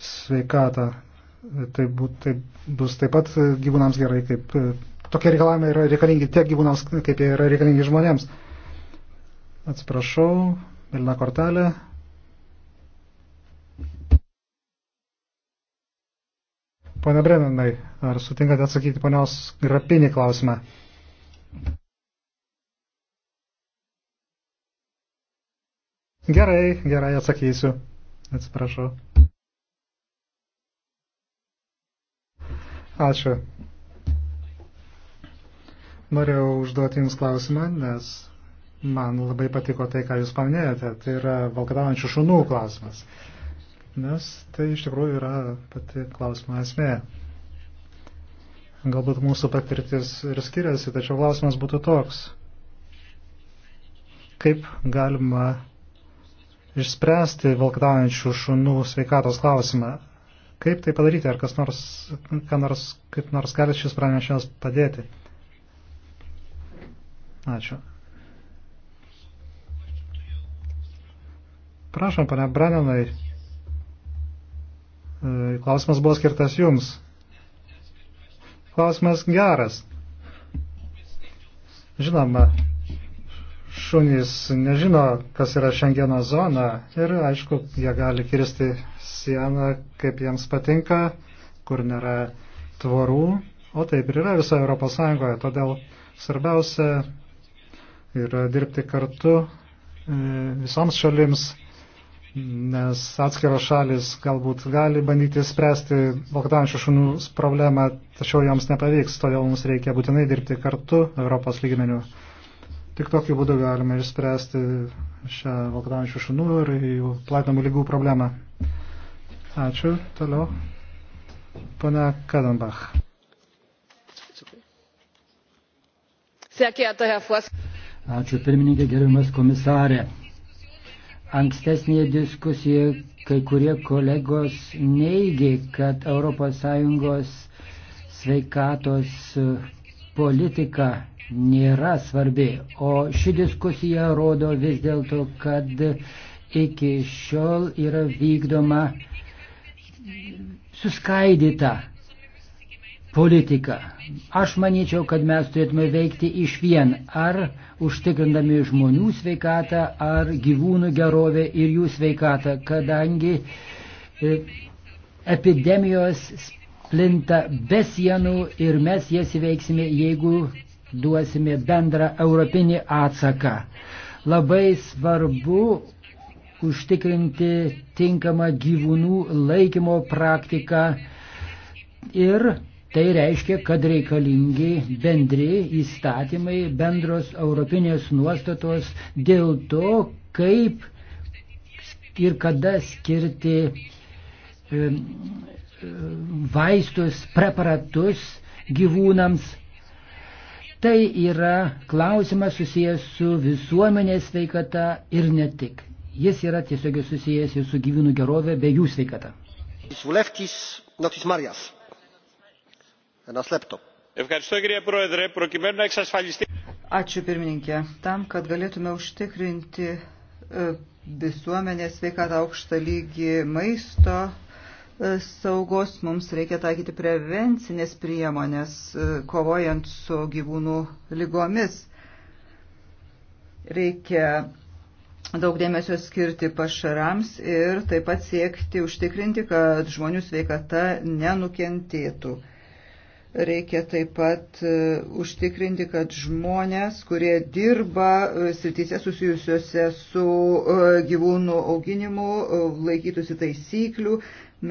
sveikatą. E, tai, bu, tai bus taip pat gyvūnams gerai, kaip e, tokie reikalavimai yra reikalingi tiek gyvūnams, kaip jie yra reikalingi žmonėms. Atsiprašau, Vilna kortelė. Pone Brennanai, ar sutinkate atsakyti ponios Grapinį klausimą? Gerai, gerai atsakysiu. Atsiprašau. Ačiū. Norėjau užduoti Jums klausimą, nes man labai patiko tai, ką Jūs paminėjote. Tai yra valkataujančių šunų klausimas nes tai iš tikrųjų yra pati klausimo esmė. Galbūt mūsų patirtis ir skiriasi, tačiau klausimas būtų toks. Kaip galima išspręsti valkataujančių šunų sveikatos klausimą? Kaip tai padaryti? Ar kas nors, ką nors, kaip nors gali šis pranešimas padėti? Ačiū. Prašom, pane Brennanai, E, klausimas buvo skirtas jums. Klausimas geras. Žinoma, šunys nežino, kas yra Šengeno zona ir, aišku, jie gali kirsti sieną, kaip jiems patinka, kur nėra tvorų, o taip ir yra visoje Europos Sąjungoje. Todėl svarbiausia yra dirbti kartu e, visoms šalims nes atskiros šalis galbūt gali bandyti spręsti balkadančių šunų problemą, tačiau joms nepavyks, todėl mums reikia būtinai dirbti kartu Europos lygmeniu. Tik tokiu būdu galime išspręsti šią balkadančių šunų ir jų platinamų lygų problemą. Ačiū. Toliau. Pana Kadenbach. Ačiū pirmininkė, gerbiamas komisarė ankstesnėje diskusijoje kai kurie kolegos neigė, kad ES sveikatos politika nėra svarbi. O ši diskusija rodo vis dėlto, kad iki šiol yra vykdoma suskaidyta politiką. Aš manyčiau, kad mes turėtume veikti iš vien, ar užtikrindami žmonių sveikatą, ar gyvūnų gerovę ir jų sveikatą, kadangi e, epidemijos plinta be sienų ir mes jas įveiksime, jeigu duosime bendrą europinį atsaką. Labai svarbu užtikrinti tinkamą gyvūnų laikymo praktiką ir Tai reiškia, kad reikalingi bendri įstatymai, bendros europinės nuostatos dėl to, kaip ir kada skirti vaistus, preparatus gyvūnams. Tai yra klausimas susijęs su visuomenės sveikata ir ne tik. Jis yra tiesiogiai susijęs ir su gyvūnų gerovė bei jų sveikata. Sulevkis, Notis Marijas. Ačiū pirmininkė. Tam, kad galėtume užtikrinti e, visuomenės sveikatą aukštą lygį maisto e, saugos, mums reikia taikyti prevencinės priemonės, e, kovojant su gyvūnų lygomis. Reikia daug dėmesio skirti pašarams ir taip pat siekti užtikrinti, kad žmonių sveikata nenukentėtų. Reikia taip pat e, užtikrinti, kad žmonės, kurie dirba e, srityse susijusiuose su e, gyvūnų auginimu, laikytųsi taisyklių.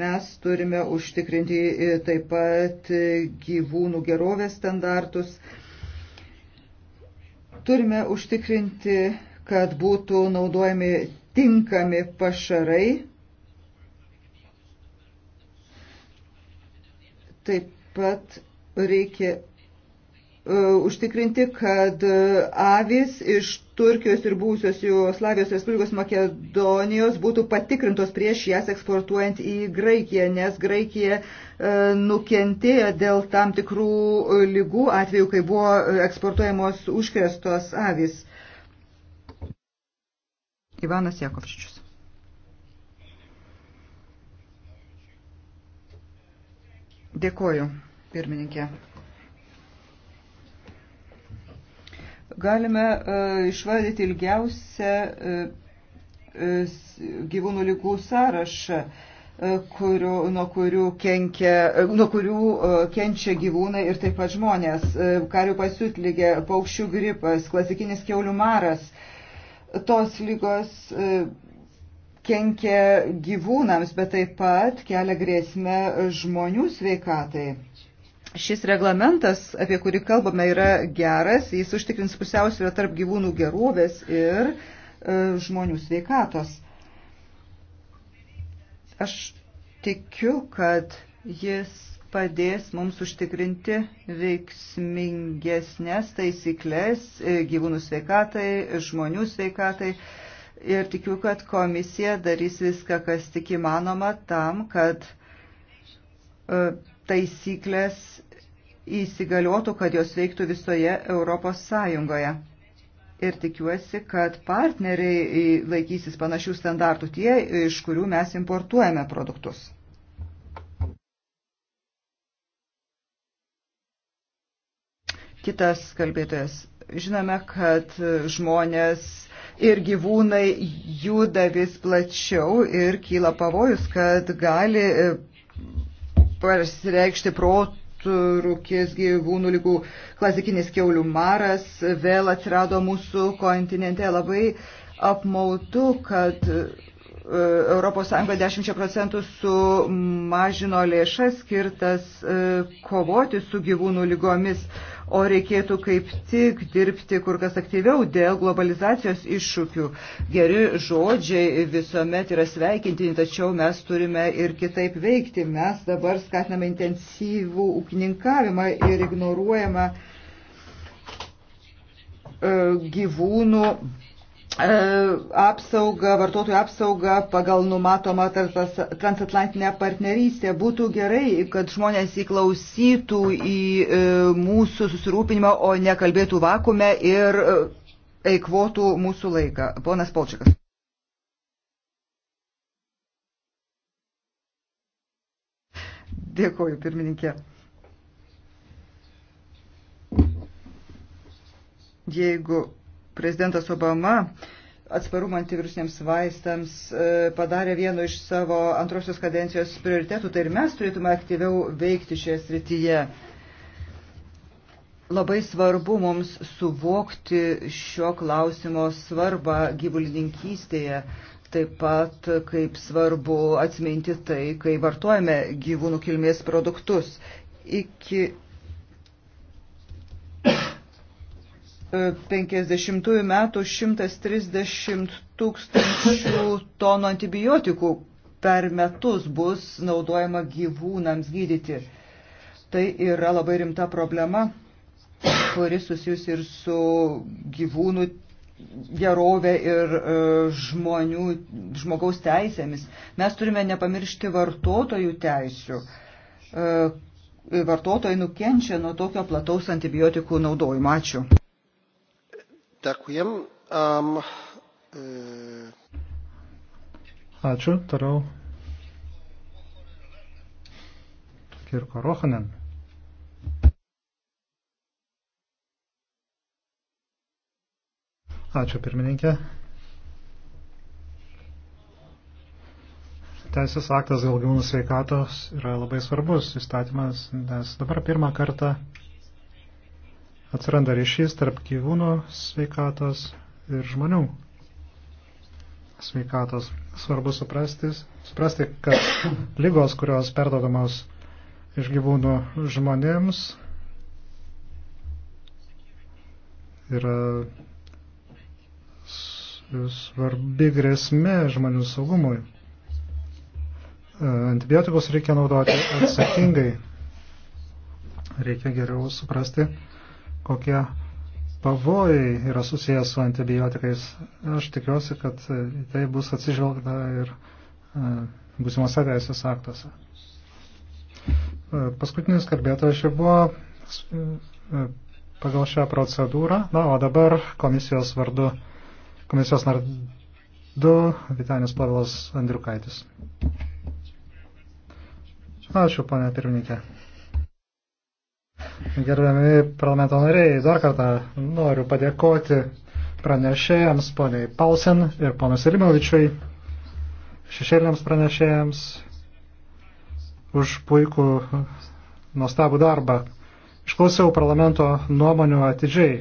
Mes turime užtikrinti taip pat gyvūnų gerovės standartus. Turime užtikrinti, kad būtų naudojami tinkami pašarai. Taip pat Reikia e, užtikrinti, kad e, avys iš Turkijos ir būsios Jugoslavijos Respublikos Makedonijos būtų patikrintos prieš jas eksportuojant į Graikiją, nes Graikija e, nukentėjo dėl tam tikrų lygų atvejų, kai buvo eksportuojamos užkrestos avys. Ivanas Jakovčičius. Dėkoju pirmininkė. Galime uh, išvardyti ilgiausią uh, gyvūnų lygų sąrašą, uh, kurių, nuo, kurių kenkia, uh, nuo kurių uh, kenčia gyvūnai ir taip pat žmonės. Uh, karių pasiutlygė, paukščių gripas, klasikinis keulių maras. Tos lygos. Uh, kenkia gyvūnams, bet taip pat kelia grėsmę žmonių sveikatai. Šis reglamentas, apie kurį kalbame, yra geras, jis užtikrins pusiausvyrą tarp gyvūnų gerovės ir e, žmonių sveikatos. Aš tikiu, kad jis padės mums užtikrinti veiksmingesnės taisyklės e, gyvūnų sveikatai, žmonių sveikatai. Ir tikiu, kad komisija darys viską, kas tik įmanoma tam, kad e, taisyklės įsigaliotų, kad jos veiktų visoje Europos Sąjungoje. Ir tikiuosi, kad partneriai laikysis panašių standartų tie, iš kurių mes importuojame produktus. Kitas kalbėtojas. Žinome, kad žmonės ir gyvūnai juda vis plačiau ir kyla pavojus, kad gali pasireikšti protrūkis gyvūnų lygų klasikinis keulių maras vėl atsirado mūsų kontinente. Labai apmautu, kad ES 10 procentų sumažino lėšas skirtas e, kovoti su gyvūnų lygomis o reikėtų kaip tik dirbti kur kas aktyviau dėl globalizacijos iššūkių. Geri žodžiai visuomet yra sveikintini, tačiau mes turime ir kitaip veikti. Mes dabar skatiname intensyvų ūkininkavimą ir ignoruojame e, gyvūnų E, apsaugą, vartotojų apsaugą pagal numatomą transatlantinę partnerystę. Būtų gerai, kad žmonės įklausytų į e, mūsų susirūpinimą, o nekalbėtų vakume ir e, eikvotų mūsų laiką. Ponas Polčiakas. Dėkuoju, pirmininkė. Jeigu prezidentas Obama atsparumą antivirusiniams vaistams e, padarė vienu iš savo antrosios kadencijos prioritetų, tai ir mes turėtume aktyviau veikti šioje srityje. Labai svarbu mums suvokti šio klausimo svarbą gyvulininkystėje, taip pat kaip svarbu atsiminti tai, kai vartojame gyvūnų kilmės produktus. Iki 50 metų 130 tūkstančių tonų antibiotikų per metus bus naudojama gyvūnams gydyti. Tai yra labai rimta problema, kuri susijusi ir su gyvūnų gerovė ir e, žmonių, žmogaus teisėmis. Mes turime nepamiršti vartotojų teisių. E, vartotojai nukenčia nuo tokio plataus antibiotikų naudojimo. Ačiū. Dėkujem. Um, e... Ačiū, tarau. Kirko Rohanen. Ačiū, pirmininkė. Teisės aktas dėl gyvūnų sveikatos yra labai svarbus įstatymas, nes dabar pirmą kartą atsiranda ryšys tarp gyvūnų sveikatos ir žmonių sveikatos. Svarbu suprasti, suprasti kad lygos, kurios perdodamos iš gyvūnų žmonėms, yra svarbi grėsmė žmonių saugumui. Antibiotikus reikia naudoti atsakingai. Reikia geriau suprasti, kokie pavojai yra susijęs su antibiotikais. Aš tikiuosi, kad tai bus atsižvelgta ir e, būsimose teisės aktuose. E, paskutinis kalbėtojas čia buvo e, pagal šią procedūrą. Na, o dabar komisijos vardu, komisijos nardu Vitanis Pavilas Andriukaitis. Ačiū, pane pirmininkė. Gerbiami parlamento nariai, dar kartą noriu padėkoti pranešėjams, poniai Pausen ir ponas Rimovičiui, šešėliams pranešėjams už puikų nuostabų darbą. Išklausiau parlamento nuomonių atidžiai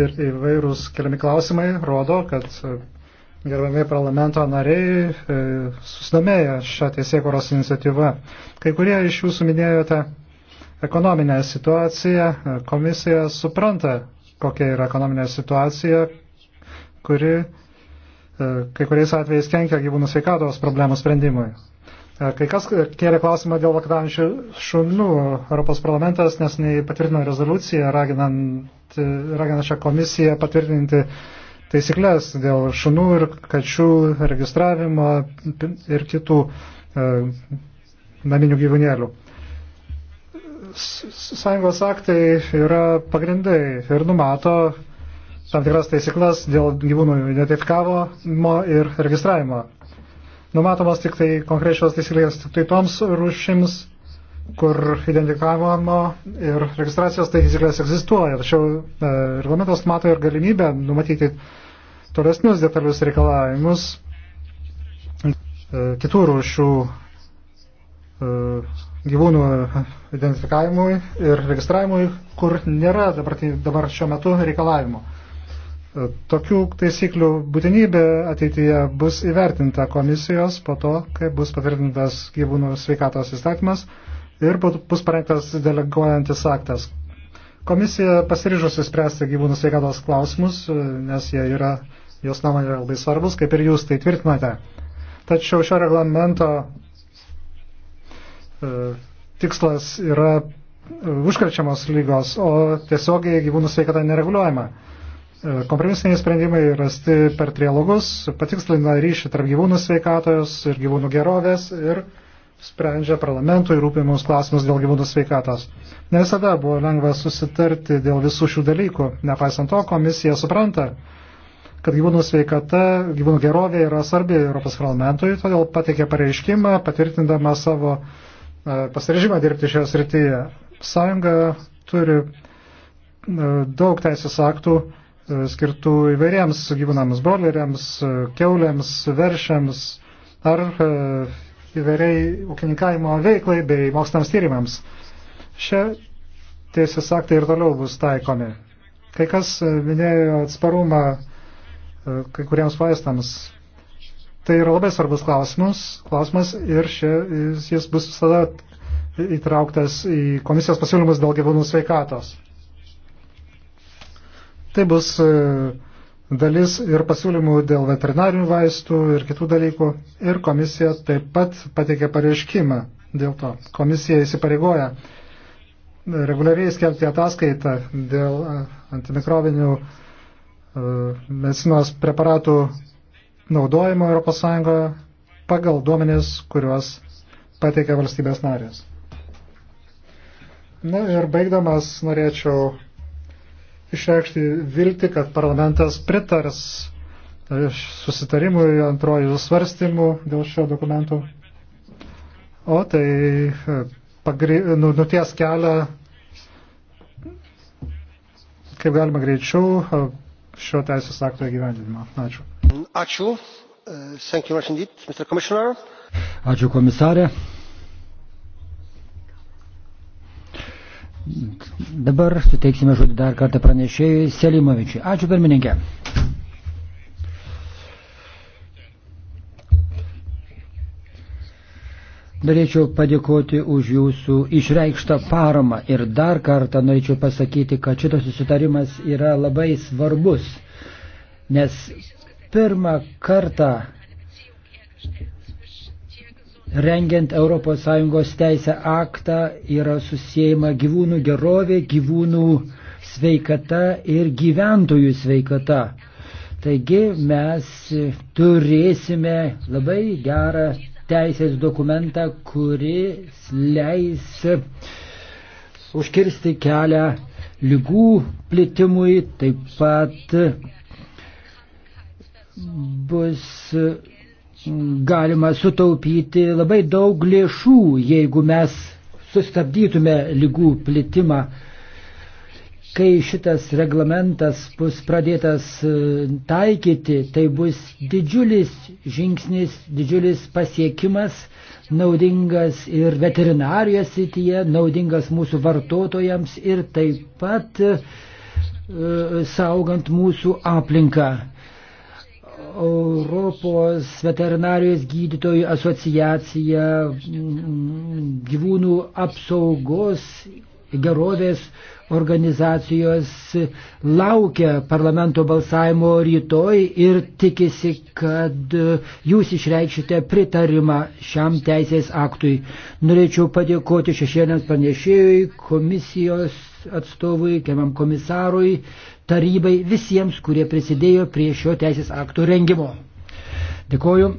ir įvairūs keliami klausimai rodo, kad gerbiami parlamento nariai e, susidomėjo šią teisėkoros iniciatyvą. Kai kurie iš jūsų minėjote ekonominę situaciją. Komisija supranta, kokia yra ekonominė situacija, kuri e, kai kuriais atvejais kenkia gyvūnų sveikatos problemų sprendimui. E, kai kas kėlė klausimą dėl lakdančių šunų, Europos parlamentas nesnei patvirtino rezoliuciją, raginant, e, raginant šią komisiją patvirtinti taisyklės dėl šunų ir kačių registravimo ir kitų e, naminių gyvūnėlių. Sąjungos aktai yra pagrindai ir numato tam tikras taisiklas dėl gyvūnų identifikavimo ir registravimo. Numatomas tik tai konkrečios taisyklės tik tai toms rūšims, kur identifikavimo ir registracijos taisyklės egzistuoja. Tačiau e, reglamentas mato ir galimybę numatyti tolesnius detalius reikalavimus e, kitų rūšių e, gyvūnų e, identifikavimui ir registravimui, kur nėra dabar, tai dabar šiuo metu reikalavimų. E, tokių taisyklių būtinybė ateityje bus įvertinta komisijos po to, kai bus patvirtintas gyvūnų sveikatos įstatymas ir bus parengtas deleguojantis aktas. Komisija pasiryžusi spręsti gyvūnų sveikatos klausimus, e, nes jie yra, jos nuomonė, labai svarbus, kaip ir jūs tai tvirtinate. Tačiau šio reglamento E, tikslas yra e, užkrečiamos lygos, o tiesiogiai gyvūnų sveikata nereguliuojama. E, kompromisiniai sprendimai rasti per trialogus, patikslina ryšį tarp gyvūnų sveikatos ir gyvūnų gerovės ir sprendžia parlamentui rūpimus klausimus dėl gyvūnų sveikatos. Ne visada buvo lengva susitarti dėl visų šių dalykų. Nepaisant to, komisija supranta, kad gyvūnų sveikata, gyvūnų gerovė yra svarbi Europos parlamentui, todėl pateikė pareiškimą, patvirtindama savo uh, E, pasirežimą dirbti šioje srityje. Sąjunga turi e, daug teisės aktų e, skirtų įvairiems gyvūnams, broleriams, keuliams, veršiams ar įvairiai ūkininkavimo veiklai bei mokslams tyrimams. Šie teisės aktai ir toliau bus taikomi. Kai kas minėjo atsparumą kai kuriems vaistams. Tai yra labai svarbus klausimas, klausimas ir šia, jis bus visada įtrauktas į komisijos pasiūlymus dėl gyvūnų sveikatos. Tai bus e, dalis ir pasiūlymų dėl veterinarinių vaistų ir kitų dalykų. Ir komisija taip pat pateikė pareiškimą dėl to. Komisija įsipareigoja reguliariai skelbti ataskaitą dėl e, antimikrobinių e, medicinos preparatų naudojimo ES pagal duomenis, kuriuos pateikia valstybės narės. Na ir baigdamas norėčiau išreikšti vilti, kad parlamentas pritars e, susitarimui antrojų svarstymų dėl šio dokumentų. O tai e, pagri, nu, nuties kelią, kaip galima greičiau, e, šio teisės akto įgyvendinimą. Ačiū. Ačiū. E, Ačiū komisarė. Dabar suteiksime žodį dar kartą pranešėjui Selimovičiui. Ačiū pirmininkė. Norėčiau padėkoti už jūsų išreikštą paramą ir dar kartą norėčiau pasakyti, kad šitas susitarimas yra labai svarbus, nes pirmą kartą rengiant ES teisę aktą yra susijęma gyvūnų gerovė, gyvūnų sveikata ir gyventojų sveikata. Taigi mes turėsime labai gerą teisės dokumentą, kuris leis užkirsti kelią lygų plitimui, taip pat bus galima sutaupyti labai daug lėšų, jeigu mes sustabdytume lygų plitimą. Kai šitas reglamentas bus pradėtas e, taikyti, tai bus didžiulis žingsnis, didžiulis pasiekimas, naudingas ir veterinarijos sityje, naudingas mūsų vartotojams ir taip pat e, saugant mūsų aplinką Europos veterinarijos gydytojų asociacija, mm, gyvūnų apsaugos gerovės organizacijos laukia parlamento balsavimo rytoj ir tikisi, kad jūs išreikšite pritarimą šiam teisės aktui. Norėčiau padėkoti šešėliams pranešėjui, komisijos atstovui, keliam komisarui, tarybai, visiems, kurie prisidėjo prie šio teisės akto rengimo. Dėkoju.